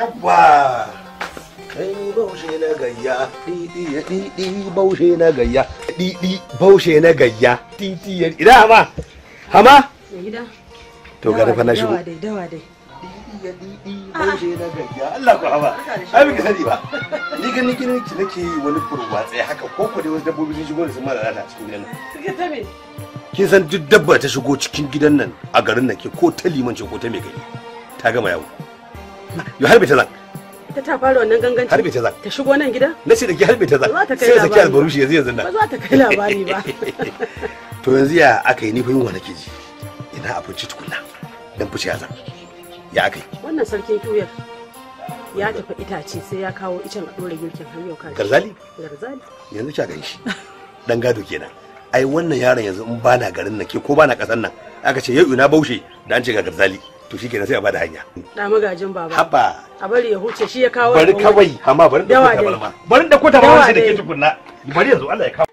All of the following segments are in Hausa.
yabba kai baushe na gayya didi didi baushe na gayya didi baushe na gayya titi ina hama hama to ga dafa na shigo dawa dai dawa dai Allah ku haba ai bika sani ba ni ga ni gina ki nake wani kurwa tsaye haka ko ko dai wasu dabbobi sun shigo da sun mara lata cikin gidan nan kin san duk dabba ta shigo cikin gidan nan a garin nake ko ta liman ce ko ta me gari ta gama yawo yo harbe ta zan ita ta fara wannan ganganci harbe ta zan ta shigo nan gida na ce da ki harbe ta zan sai da ki albarushi yanzu yanzu nan ba za ta kai labari ba to yanzu ya aka yi ni fa yunwa nake ji ina abinci tukuna dan fice ya zan ya aka yi wannan sarkin kiyuyar ya tafi itace sai ya kawo icen a dore girkin har yau kai garzali garzali yanzu kya ganshi dan gado kenan ai wannan yaron yanzu in bana garin nan ke ko bana kasan nan aka ce yau ina baushe da an ce ga garzali to shi kenan sai a bada hanya da magajin baba haba a bari ya huce shi ya kawo bari kawai amma bari da kota balma bari da kota balma shi da ke tukunna bari yanzu Allah ya kawo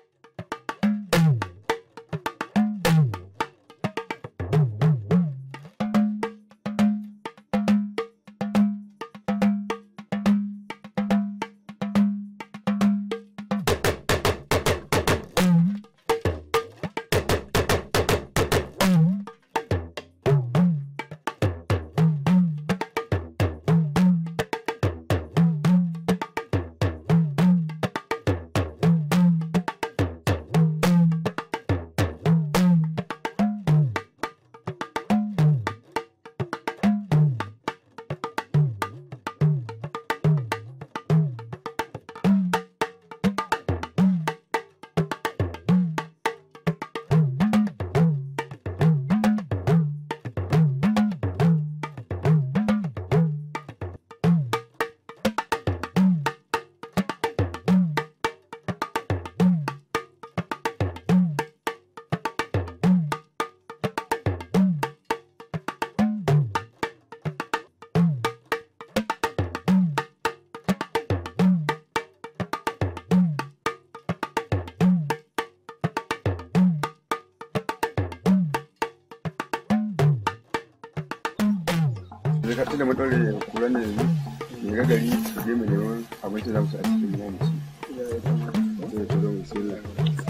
da ka tuna matsalar da yanzu ne mai gagari su je mu neman abinci za mu a cikin yanci da ya tura mai sai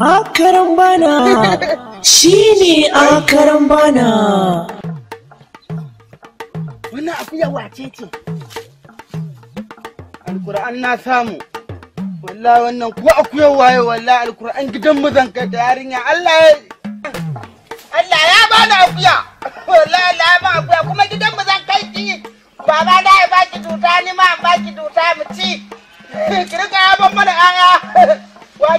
Akaran bana shi ne akaran bana. Wannan akuya wace ce? Alkur'an na samu. Wallah wannan ko akuya waye Wala alkur'an gidan mazan kai da yarinya Allah ya Allah ya bani akuya. Wallah Allah ya bani akuya kuma gidan mazan kai ki. Baba na ya baki duta ni ma baki duta mu ci. Ki rika ya ban mana 'ya'ya.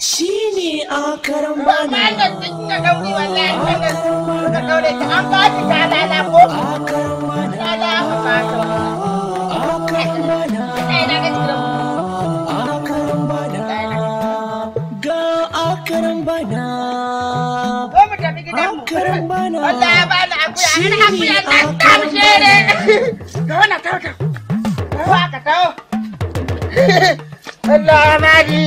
shine a karan bana Allah ya Wallahi bana akuya, an hakuya ta karshe ne. Ga wannan tarkan. Ko aka tawo. Allah ya amadi.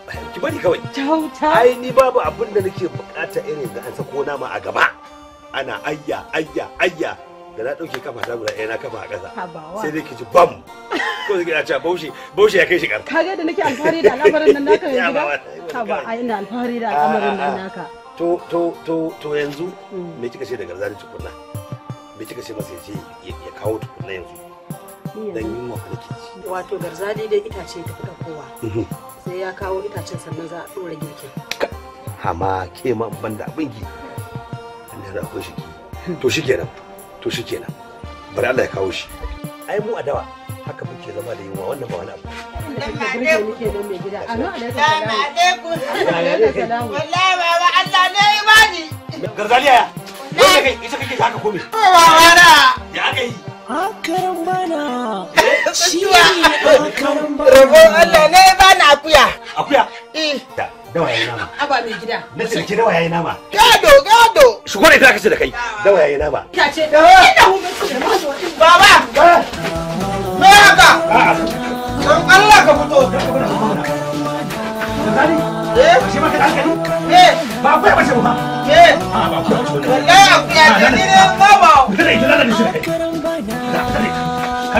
bari kawai ai ni babu abin da nake bukata irin ga an sako nama a gaba ana ayya ayya ayya da na dauke kafa ta guda na kafa a ƙasa sai dai ki ji bam ko zai kira cewa baushe baushe ya kai shi ƙarfi Kage da nake alfahari da al'amarin nan naka yanzu ba ba ai ina alfahari da al'amarin nan naka to to to to yanzu mm. me kika ce da garzani tukunna me kika ce masa ya ya kawo tukunna yanzu dan wa nake ci wato garzali dai itace ta fita kowa mhm. sai ya kawo itacen sannan za a ɗora girki amma ke ma ban da abin ki Allah ya akwai shi to shikenan to shikenan bari Allah ya kawo shi ai mu a dawa haka muke zama da yunwa wannan ba wani abu Garzaliya ya, ita kake haka k'o Ba ba ba Ya aka yi. Hakaran bana. tsintuwa rabo Allah ne ba na akuya akuya eh da nama aba mai gida na nama gado gado ka kace da kai nama ka ce baba me haka don Allah ka fito eh shi ma ka eh ba ba ba eh ba akuya eh. ne ne baba da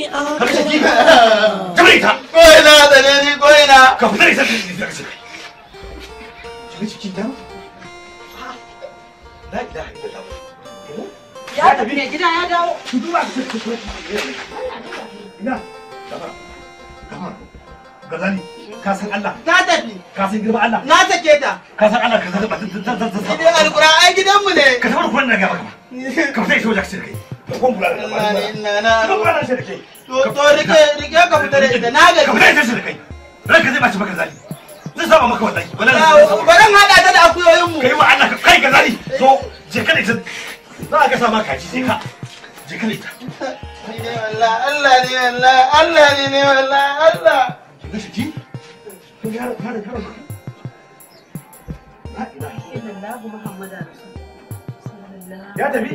harshen kifi ka bari ta koina da ne ni koina ka fita da ita ka shiga cikin ta la ilaha illallah ya tafi ne gida ya dawo ki duba ina kamar kamar gazali ka san Allah ta tafi ka san Allah na take ta ka san Allah ka san ba gidan alqur'ani ai gidan mu ne ka ka to rike rike ka fita da na gaji ka fita da kai ranka zai baci baka zali zai saba maka wallahi wallahi baran hada ta da akuyoyin mu kai wa Allah ka kai ga zali to eh. je ka da za a gasa maka ji je ka je ka da ita Allah ne Allah Allah ne ne Allah Allah ga shi ji ya tafi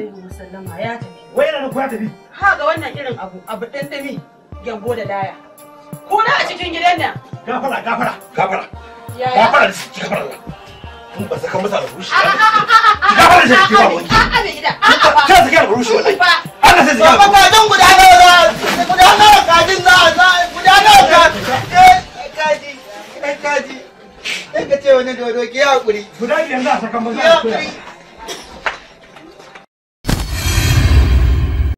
ya tafi wai yana ku ya tafi ha ga wannan irin abu abu dandami gyambo da daya ko na a cikin gidan nan gafara gafara gafara gafara da shi gafara Mun kun ba saka masa da rushi ah, ah, ah, gafara da shi ba gafara. a'a bai gida a'a ba ta saka da rushi wallahi Allah sai ya ba kajin guda da. za guda nawa kajin za za guda nawa ka eh, kaji kaji kaji ka ce wani dodo ki hakuri guda gidan za a saka masa da rushi